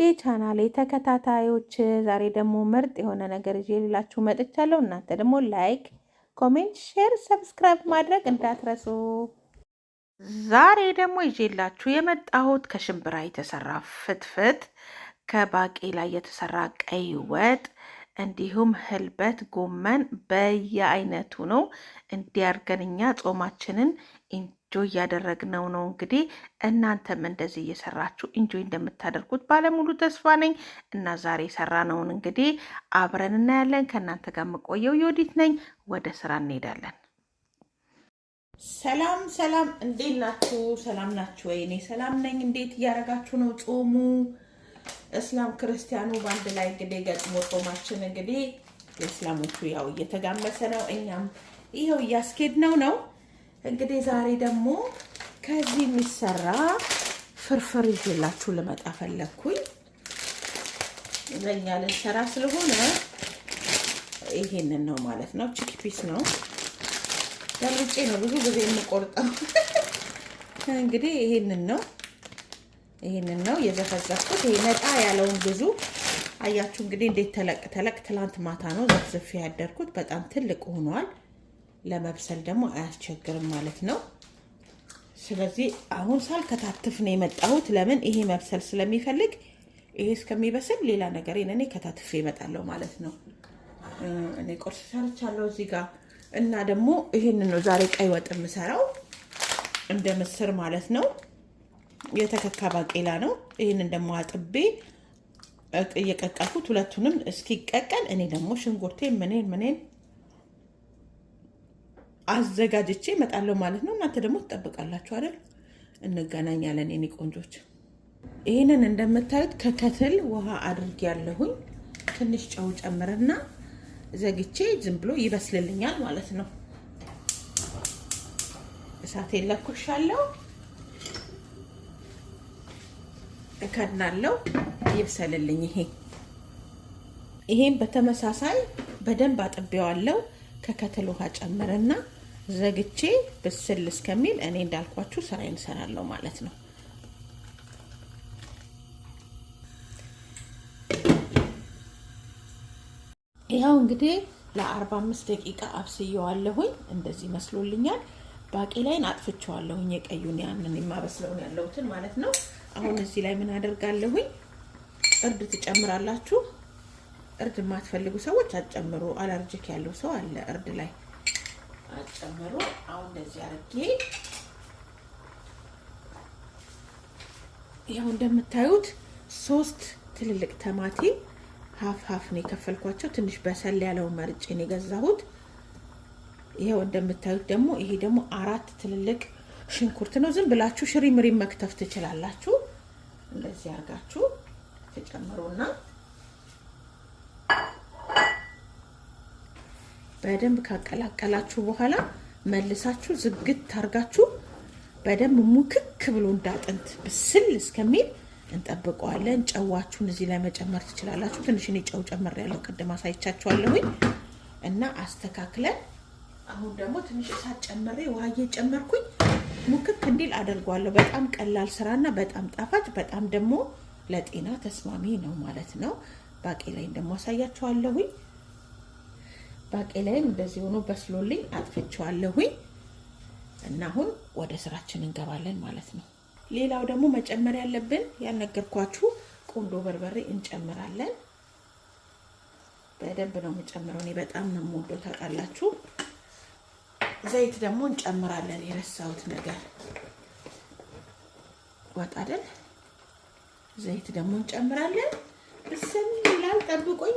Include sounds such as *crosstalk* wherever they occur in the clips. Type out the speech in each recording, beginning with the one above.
ውዴ ቻናሌ ተከታታዮች ዛሬ ደግሞ ምርጥ የሆነ ነገር ይዤ ልላችሁ መጥቻለሁ። እናንተ ደግሞ ላይክ፣ ኮሜንት፣ ሼር፣ ሰብስክራይብ ማድረግ እንዳትረሱ። ዛሬ ደግሞ ይዤላችሁ የመጣሁት ከሽምብራ የተሰራ ፍትፍት፣ ከባቄላ የተሰራ ቀይ ወጥ እንዲሁም ህልበት ጎመን በየአይነቱ ነው። እንዲያርገን እኛ ጾማችንን እንጆይ እያደረግነው ነው። እንግዲህ እናንተም እንደዚህ እየሰራችሁ እንጆይ እንደምታደርጉት ባለሙሉ ተስፋ ነኝ እና ዛሬ የሰራነውን እንግዲህ አብረን እናያለን። ከእናንተ ጋር የምቆየው የወዲት ነኝ። ወደ ስራ እንሄዳለን። ሰላም ሰላም፣ እንዴት ናችሁ? ሰላም ናችሁ ወይ? እኔ ሰላም ነኝ። እንዴት እያደረጋችሁ ነው? ጾሙ እስላም ክርስቲያኑ በአንድ ላይ እንግዲህ ገጥሞ ጾማችን እንግዲህ የእስላሞቹ ያው እየተጋመሰ ነው፣ እኛም ይኸው እያስኬድ ነው ነው እንግዲህ ዛሬ ደግሞ ከዚህ የሚሰራ ፍርፍር ይዤላችሁ ልመጣ ፈለግኩኝ። ለእኛ ልንሰራ ስለሆነ ይሄንን ነው ማለት ነው። ቺክፒስ ነው ገልጬ ነው ብዙ ጊዜ የምቆርጠው። *laughs* እንግዲህ ይሄንን ነው ይሄንን ነው የዘፈዘፍኩት። ይሄ ነጣ ያለውን ብዙ አያችሁ እንግዲህ እንዴት ተለቅ ተለቅ። ትላንት ማታ ነው ዘፍዘፍ ያደርኩት። በጣም ትልቅ ሆኗል። ለመብሰል ደግሞ አያስቸግርም ማለት ነው። ስለዚህ አሁን ሳልከታትፍ ነው የመጣሁት። ለምን ይሄ መብሰል ስለሚፈልግ ይሄ እስከሚበስል ሌላ ነገር እኔ ከታትፌ እመጣለሁ ማለት ነው። እኔ ቁርስ ሰርቻለሁ እዚህ ጋር እና ደግሞ ይህን ነው ዛሬ ቀይ ወጥ የምሰራው እንደ ምስር ማለት ነው። የተከካ ባቄላ ነው። ይህንን ደግሞ አጥቤ እየቀቀልኩት ሁለቱንም እስኪቀቀል እኔ ደግሞ ሽንኩርቴ ምኔን ምኔን አዘጋጅቼ እመጣለሁ ማለት ነው። እናንተ ደግሞ ትጠብቃላችሁ አይደል? እንገናኛለን የኔ ቆንጆች። ይህንን እንደምታዩት ከከትል ውሃ አድርጌ ያለሁኝ ትንሽ ጨው ጨምርና ዘግቼ ዝም ብሎ ይበስልልኛል ማለት ነው። እሳቴ ለኩሻለሁ፣ እከድናለሁ፣ ይብሰልልኝ። ይሄ ይሄን በተመሳሳይ በደንብ አጥቤዋለሁ። ከከተል ውሃ ጨምርና ዘግቼ ብስል እስከሚል እኔ እንዳልኳችሁ ስራዬን እንሰራለሁ ማለት ነው። ይኸው እንግዲህ ለ45 ደቂቃ አብስየዋለሁኝ። እንደዚህ መስሎልኛል። ባቄላይን አጥፍቼዋለሁኝ የቀዩን ያንን የማበስለውን ያለሁትን ማለት ነው። አሁን እዚህ ላይ ምን አደርጋለሁኝ? እርድ ትጨምራላችሁ። እርድ የማትፈልጉ ሰዎች አጨምሩ። አለርጂክ ያለው ሰው አለ እርድ ላይ አጨምሩ። አሁን እንደዚህ አድርጌ ይኸው እንደምታዩት ሶስት ትልልቅ ተማቲ ሀፍ ሀፍ ነው የከፈልኳቸው። ትንሽ በሰል ያለው ነው የገዛሁት። ይኸው እንደምታዩት ደግሞ ይሄ ደግሞ አራት ትልልቅ ሽንኩርት ነው። ዝም ብላችሁ ሽሪ ምሪ መክተፍ ትችላላችሁ። እንደዚህ አድርጋችሁ ተጨምሩና በደንብ ካቀላቀላችሁ በኋላ መልሳችሁ ዝግት ታርጋችሁ በደንብ ሙክክ ብሎ እንዳጥንት ብስል እስከሚል እንጠብቀዋለን። ጨዋችሁን እዚህ ላይ መጨመር ትችላላችሁ። ትንሽ እኔ ጨው ጨመር ያለው ቅድም አሳይቻችኋለሁኝ እና አስተካክለን አሁን ደግሞ ትንሽ እሳት ጨምሬ ውሃ እየጨመርኩኝ ሙክክ እንዲል አደርገዋለሁ። በጣም ቀላል ስራና በጣም ጣፋጭ በጣም ደግሞ ለጤና ተስማሚ ነው ማለት ነው። ባቄ ላይ ደግሞ አሳያችኋለሁኝ። ባቄላይን እንደዚህ ሆኖ በስሎልኝ አጥፍቼዋለሁኝ እና አሁን ወደ ስራችን እንገባለን ማለት ነው። ሌላው ደግሞ መጨመር ያለብን ያነገርኳችሁ ቁንዶ በርበሬ እንጨምራለን። በደንብ ነው የምጨምረው። እኔ በጣም ነው የምወደው ታውቃላችሁ። ዘይት ደግሞ እንጨምራለን። የረሳሁት ነገር ወጥ አይደል? ዘይት ደግሞ እንጨምራለን። እስም ይላል ጠብቆኝ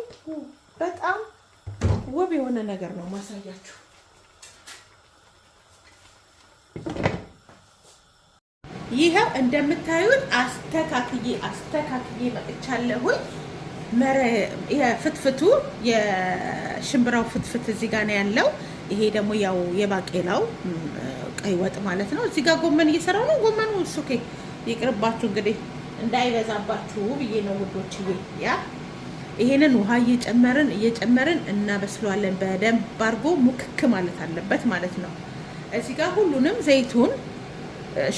በጣም ውብ የሆነ ነገር ነው ማሳያችሁ። ይኸው እንደምታዩት አስተካክዬ አስተካክዬ መጥቻለሁኝ። የፍትፍቱ የሽምብራው ፍትፍት እዚህ ጋር ነው ያለው። ይሄ ደግሞ ያው የባቄላው ቀይ ወጥ ማለት ነው። እዚህ ጋር ጎመን እየሰራው ነው። ጎመኑ ሱኬ ይቅርባችሁ እንግዲህ እንዳይበዛባችሁ ብዬ ነው ውዶችዬ ያ ይሄንን ውሃ እየጨመርን እየጨመርን እናበስለዋለን። በደንብ አድርጎ ሙክክ ማለት አለበት ማለት ነው። እዚህ ጋር ሁሉንም ዘይቱን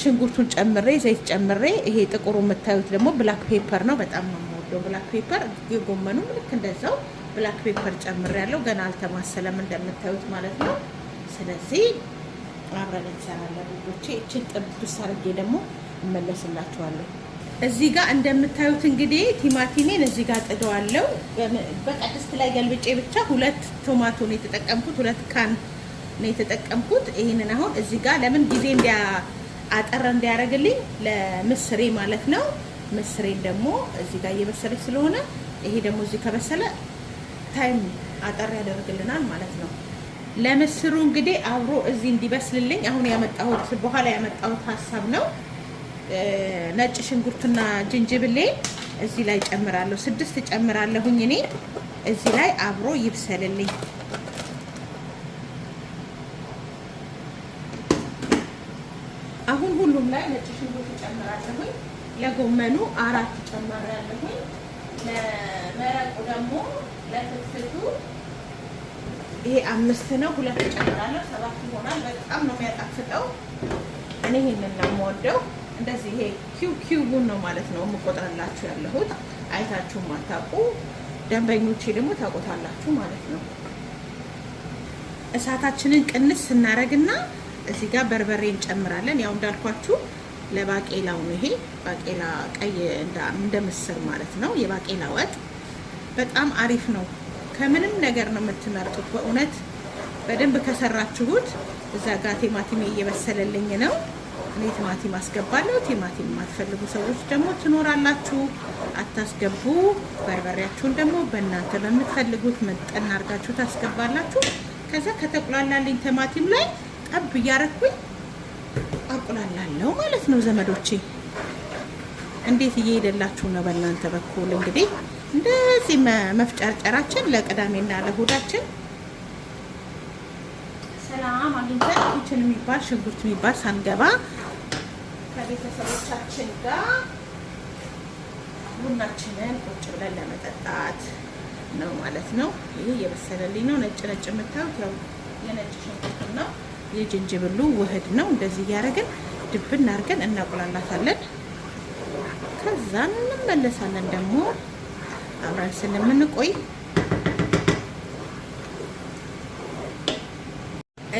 ሽንኩርቱን ጨምሬ ዘይት ጨምሬ፣ ይሄ ጥቁሩ የምታዩት ደግሞ ብላክ ፔፐር ነው። በጣም ነው የምወደው ብላክ ፔፐር። የጎመኑ ልክ እንደዛው ብላክ ፔፐር ጨምሬ ያለው ገና አልተማሰለም እንደምታዩት ማለት ነው። ስለዚህ አብረን እንሰራለን ልጆቼ። እችን ጥብስ አድርጌ ደግሞ እመለስላችኋለሁ። እዚህ ጋር እንደምታዩት እንግዲህ ቲማቲሜን እዚህ ጋር ጥደዋለሁ። በቀድስት ላይ ገልብጬ ብቻ ሁለት ቶማቶ ነው የተጠቀምኩት፣ ሁለት ካን ነው የተጠቀምኩት። ይህንን አሁን እዚህ ጋር ለምን ጊዜ እንዲያ አጠረ እንዲያደርግልኝ ለምስሬ ማለት ነው። ምስሬን ደግሞ እዚህ ጋር እየበሰለች ስለሆነ ይሄ ደግሞ እዚህ ከበሰለ ታይም አጠር ያደርግልናል ማለት ነው። ለምስሩ እንግዲህ አብሮ እዚህ እንዲበስልልኝ አሁን ያመጣሁት በኋላ ያመጣሁት ሀሳብ ነው። ነጭ ሽንኩርትና ጅንጅብሌ እዚህ ላይ ጨምራለሁ። ስድስት ጨምራለሁኝ እኔ እዚህ ላይ አብሮ ይብሰልልኝ። አሁን ሁሉም ላይ ነጭ ሽንኩርት ጨምራለሁኝ። ለጎመኑ አራት ጨምራለሁኝ። ለመረቁ ደግሞ ለፍትፍቱ ይሄ አምስት ነው። ሁለት ጨምራለሁ፣ ሰባት ይሆናል። በጣም ነው የሚያጣፍጠው። እኔ ይህንን ነው የምወደው። እንደዚህ ይሄ ኪው ኪውን ነው ማለት ነው የምቆጥርላችሁ ያለሁት። አይታችሁ ማታውቁ ደንበኞቼ ደግሞ ታውቁታላችሁ ማለት ነው። እሳታችንን ቅንስ ስናደርግና እዚህ ጋር በርበሬ እንጨምራለን። ያው እንዳልኳችሁ ለባቄላው ነው ይሄ ባቄላ ቀይ እንደ ምስር ማለት ነው። የባቄላ ወጥ በጣም አሪፍ ነው። ከምንም ነገር ነው የምትመርጡት በእውነት በደንብ ከሰራችሁት። እዛ ጋር ቲማቲሜ እየበሰለልኝ ነው። እኔ ቲማቲም አስገባለሁ። ቲማቲም የማትፈልጉ ሰዎች ደግሞ ትኖራላችሁ፣ አታስገቡ። በርበሬያችሁን ደግሞ በእናንተ በምትፈልጉት መጠን አድርጋችሁ ታስገባላችሁ። ከዛ ከተቁላላልኝ ቲማቲም ላይ ጠብ እያረኩኝ አቁላላለሁ ማለት ነው ዘመዶቼ። እንዴት እየሄደላችሁ ነው? በእናንተ በኩል እንግዲህ እንደዚህ መፍጨርጨራችን ለቅዳሜና ለሁዳችን። ሰላም አግኝተን ኪችን የሚባል ሽንኩርት የሚባል ሳንገባ ከቤተሰቦቻችን ጋር ቡናችንን ቁጭ ብለን ለመጠጣት ነው ማለት ነው። ይህ የበሰለልኝ ነው። ነጭ ነጭ የምታዩት ያው የነጭ ሽንኩርት ነው። የጅንጅብሉ ውህድ ነው። እንደዚህ እያደረግን ድብን አድርገን እናቁላላታለን። ከዛ እንመለሳለን ደግሞ አብረን ስንምንቆይ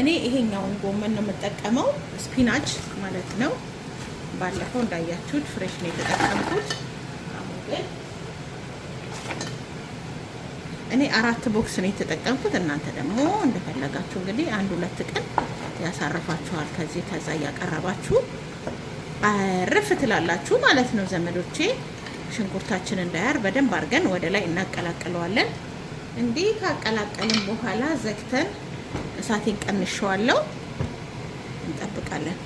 እኔ ይሄኛውን ጎመን ነው የምጠቀመው፣ ስፒናች ማለት ነው። ባለፈው እንዳያችሁት ፍሬሽ ነው የተጠቀምኩት። እኔ አራት ቦክስ ነው የተጠቀምኩት። እናንተ ደግሞ እንደፈለጋችሁ እንግዲህ አንድ ሁለት ቀን ያሳርፋችኋል። ከዚህ ከዛ እያቀረባችሁ አርፍ ትላላችሁ ማለት ነው ዘመዶቼ። ሽንኩርታችን እንዳያር በደንብ አድርገን ወደ ላይ እናቀላቅለዋለን። እንዲህ ካቀላቀልን በኋላ ዘግተን እሳቴን ቀንሸዋለሁ። እንጠብቃለን።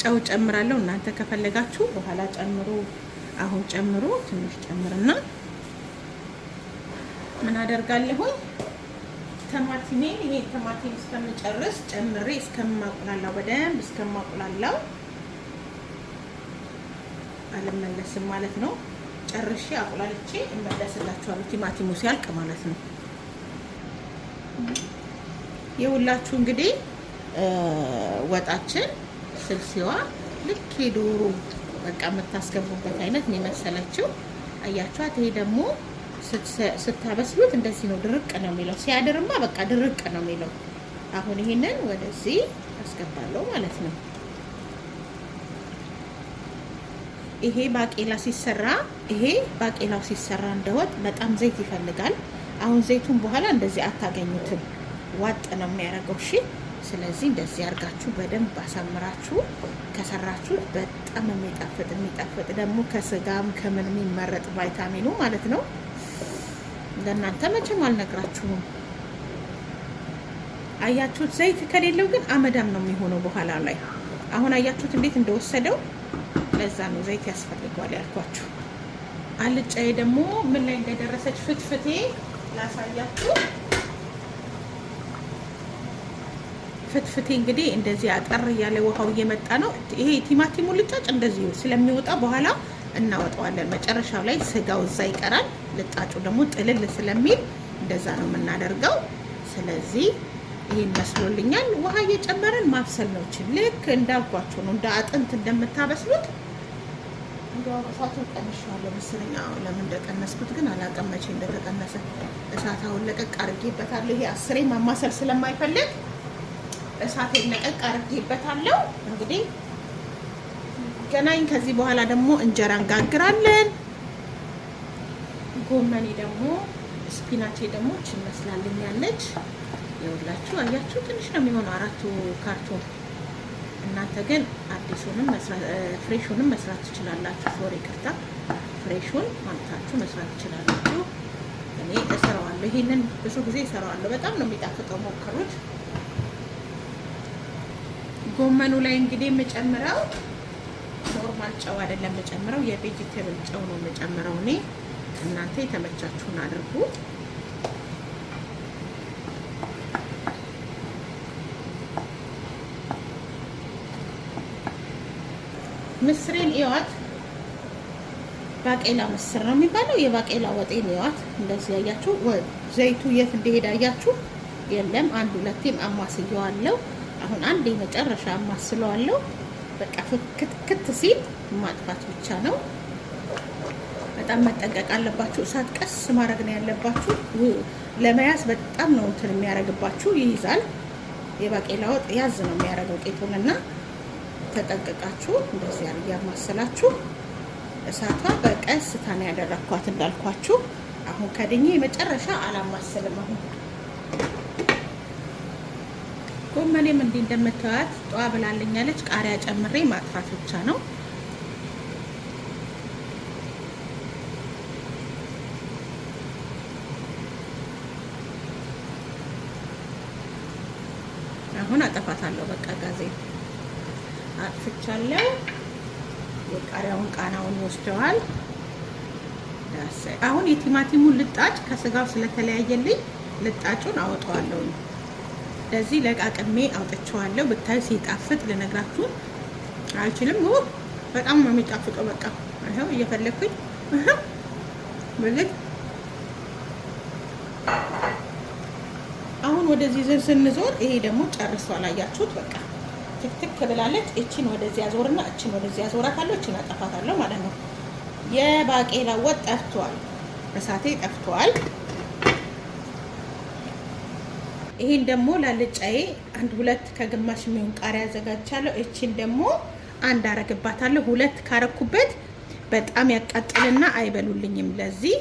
ጨው ጨምራለሁ። እናንተ ከፈለጋችሁ በኋላ ጨምሩ፣ አሁን ጨምሩ። ትንሽ ጨምርና ምን አደርጋለሁኝ? ተማቲሜ ይሄ ተማቲም እስከምጨርስ ጨምሬ እስከማቁላላው በደንብ እስከማቁላላው አልመለስም ማለት ነው። ጨርሼ አቁላልቼ እመለስላችኋለሁ ቲማቲሙ ሲያልቅ ማለት ነው። የሁላችሁ እንግዲህ ወጣችን ስልሲዋ ልክ የዶሮ በቃ የምታስገቡበት አይነት ነው የመሰለችው። አያችኋት? ይሄ ደግሞ ስታበስሉት እንደዚህ ነው ድርቅ ነው የሚለው። ሲያድርማ በቃ ድርቅ ነው የሚለው። አሁን ይሄንን ወደዚህ አስገባለሁ ማለት ነው። ይሄ ባቄላ ሲሰራ ይሄ ባቄላው ሲሰራ እንደወጥ በጣም ዘይት ይፈልጋል። አሁን ዘይቱን በኋላ እንደዚህ አታገኙትም፣ ዋጥ ነው የሚያደርገው። እሺ። ስለዚህ እንደዚህ አድርጋችሁ በደንብ አሳምራችሁ ከሰራችሁ በጣም የሚጣፍጥ የሚጣፍጥ ደግሞ ከስጋም ከምን የሚመረጥ ቫይታሚኑ ማለት ነው። ለእናንተ መቼም አልነግራችሁም። አያችሁት? ዘይት ከሌለው ግን አመዳም ነው የሚሆነው በኋላ ላይ። አሁን አያችሁት እንዴት እንደወሰደው። ለዛ ነው ዘይት ያስፈልገዋል ያልኳችሁ። አልጫዬ ደግሞ ምን ላይ እንደደረሰች ፍትፍቴ ላሳያችሁ። ፍትፍቴ እንግዲህ እንደዚህ አጠር እያለ ውሃው እየመጣ ነው። ይሄ ቲማቲሙ ልጫጭ እንደዚህ ስለሚወጣ በኋላ እናወጣዋለን። መጨረሻው ላይ ስጋው እዛ ይቀራል። ልጣጩ ደግሞ ጥልል ስለሚል እንደዛ ነው የምናደርገው። ስለዚህ ይህን መስሎልኛል። ውሃ እየጨመረን ማብሰል ነው። ልክ እንዳልኳቸው ነው፣ እንደ አጥንት እንደምታበስሉት እንዲያው እሳቱን ቀንሼዋለሁ መሰለኝ። ለምን እንደቀነስኩት ግን አላውቅም፣ መቼ እንደተቀነሰ። እሳት አሁን ለቀቅ አድርጌበታለሁ። ይሄ አስሬ ማማሰል ስለማይፈልግ እሳቴን ለቀቅ አድርጌበታለሁ። እንግዲህ ገናኝ ከዚህ በኋላ ደግሞ እንጀራ እንጋግራለን። ጎመኔ ደግሞ ስፒናቼ ደግሞ ይመስላልኛለች። ይኸውላችሁ አያችሁ፣ ትንሽ ነው የሚሆነው አራቱ ካርቶን እናንተ ግን አዲሱንም ፍሬሹንም መስራት ትችላላችሁ። ሶሪ ይቅርታ፣ ፍሬሹን ማለታችሁ መስራት ትችላላችሁ። እኔ እሰራዋለሁ፣ ይሄንን ብዙ ጊዜ እሰራዋለሁ። በጣም ነው የሚጣፍጠው፣ ሞክሩት። ጎመኑ ላይ እንግዲህ የምጨምረው ኖርማል ጨው አይደለም የምጨምረው፣ የቬጂቴብል ጨው ነው የምጨምረው እኔ። እናንተ የተመቻችሁን አድርጉ። ምስሬን እዋት ባቄላ ምስር ነው የሚባለው። የባቄላ ወጤን እዋት። እንደዚህ ያያችሁ ዘይቱ የት እንደሄደ ያያችሁ የለም። አንድ ሁለቴም አማስየዋለሁ። አሁን አንድ የመጨረሻ አማስለዋለሁ። በቃ ፍክትክት ሲል ማጥፋት ብቻ ነው። በጣም መጠንቀቅ አለባችሁ። እሳት ቀስ ማድረግ ነው ያለባችሁ። ለመያዝ በጣም ነው እንትን የሚያደርግባችሁ። ይይዛል። የባቄላ ወጥ ያዝ ነው የሚያደርገው ቄቱንና ተጠንቅቃችሁ እንደዚህ አርያ እሳቷ በቀስታ ነው ያደረኳት እንዳልኳችሁ። አሁን ከድኜ የመጨረሻ አላማስልም። አሁን ጎመኔም እንዲህ እንደምታዩት ጠዋ ብላልኛለች። ቃሪያ ጨምሬ ማጥፋት ብቻ ነው። አሁን አጠፋታለሁ። በቃ ጋዜ አጥፍቻለሁ። የቃሪያውን ቃናውን ይወስደዋል። አሁን የቲማቲሙን ልጣጭ ከስጋው ስለተለያየልኝ ልጣጩን አወጣዋለሁ። ለዚህ ለቃቅሜ አውጥቼዋለሁ። ብታይ ሲጣፍጥ ልነግራችሁ አልችልም። በጣም ነው የሚጣፍጠው። በቃ ይኸው እየፈለግኩኝ ብልት አሁን ወደዚህ ዝር ስንዞር ይሄ ደግሞ ጨርሷል። አያችሁት በቃ ትክትክ ብላለች። እችን ወደዚህ ያዞርና እችን ወደዚህ ያዞራታለሁ። እችን አጠፋታለሁ ማለት ነው። የባቄላ ወጥ ጠፍቷል፣ እሳቴ ጠፍቷል። ይህን ደግሞ ላልጫዬ አንድ ሁለት ከግማሽ የሚሆን ቃሪያ አዘጋጅቻለሁ። እችን ደግሞ አንድ አረግባታለሁ። ሁለት ካረኩበት በጣም ያቃጥልና አይበሉልኝም። ለዚህ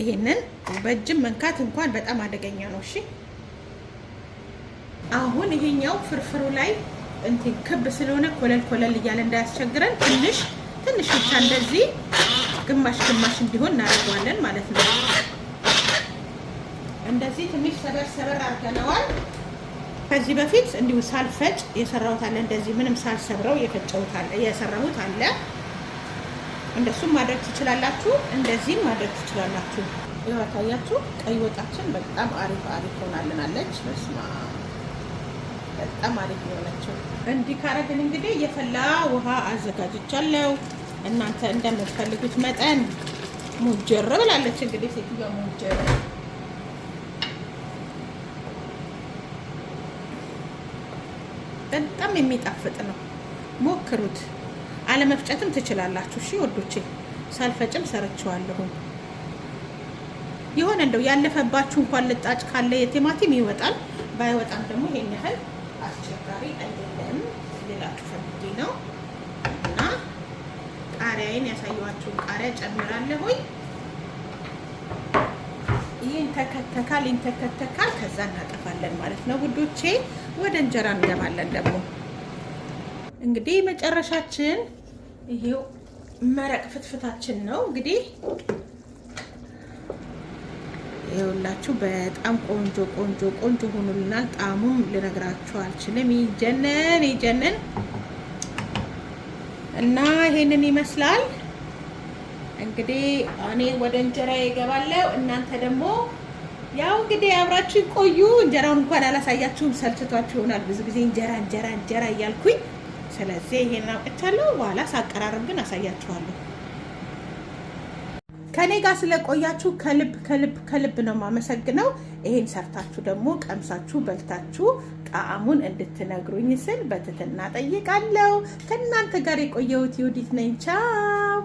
ይህንን በእጅም መንካት እንኳን በጣም አደገኛ ነው። እሺ አሁን ይሄኛው ፍርፍሩ ላይ እንትን ክብ ስለሆነ ኮለል ኮለል እያለ እንዳያስቸግረን ትንሽ ትንሽ ብቻ እንደዚህ ግማሽ ግማሽ እንዲሆን እናደርገዋለን ማለት ነው። እንደዚህ ትንሽ ሰበር ሰበር አድርገነዋል። ከዚህ በፊት እንዲሁ ሳልፈጭ የሰራሁት አለ። እንደዚህ ምንም ሳልሰብረው የፈጨሁት አለ፣ የሰራሁት አለ። እንደሱም ማድረግ ትችላላችሁ፣ እንደዚህም ማድረግ ትችላላችሁ። ይኸው ታያችሁ፣ ቀይ ወጣችን በጣም አሪፍ አሪፍ ሆናልናለች። በስመ አብ እንዲጠጣ ማለት ይሆናቸው። እንዲህ ካረግን እንግዲህ የፈላ ውሃ አዘጋጅቻለሁ። እናንተ እንደምትፈልጉት መጠን ሙጀር ብላለች። እንግዲህ ሴትዮ ሙጀር በጣም የሚጣፍጥ ነው። ሞክሩት። አለመፍጨትም ትችላላችሁ። እሺ ወዶቼ፣ ሳልፈጭም ሰርችዋለሁ። የሆነ እንደው ያለፈባችሁ እንኳን ልጣጭ ካለ የቲማቲም ይወጣል። ባይወጣም ደግሞ ይሄን ያህል አካባቢ አይደለም ልላችሁ ፈልጌ ነው። እና ቃሪያዬን ያሳየኋችሁን ቃሪያ ጨምራለሁኝ። ይህን ተከተካል ይንተከተካል፣ ከዛ እናጠፋለን ማለት ነው ውዶቼ። ወደ እንጀራ እንገባለን። ደግሞ እንግዲህ መጨረሻችን ይሄው መረቅ ፍትፍታችን ነው እንግዲህ ይኸውላችሁ በጣም ቆንጆ ቆንጆ ቆንጆ ሆኖልናል። ጣዕሙም ልነግራችሁ አልችልም። ይጀነን ይጀነን እና ይሄንን ይመስላል እንግዲህ እኔ ወደ እንጀራ ይገባለው። እናንተ ደግሞ ያው እንግዲህ አብራችሁ ቆዩ። እንጀራውን እንኳን አላሳያችሁም፣ ሰልችቷችሁ ይሆናል ብዙ ጊዜ እንጀራ እንጀራ እንጀራ እያልኩኝ። ስለዚህ ይሄን አውቀቻለሁ። በኋላ ሳቀራርብ ግን አሳያችኋለሁ። ከኔ ጋር ስለቆያችሁ ከልብ ከልብ ከልብ ነው የማመሰግነው። ይሄን ሰርታችሁ ደግሞ ቀምሳችሁ በልታችሁ ጣዕሙን እንድትነግሩኝ ስል በትህትና ጠይቃለሁ። ከእናንተ ጋር የቆየሁት ይሁዲት ነኝ። ቻው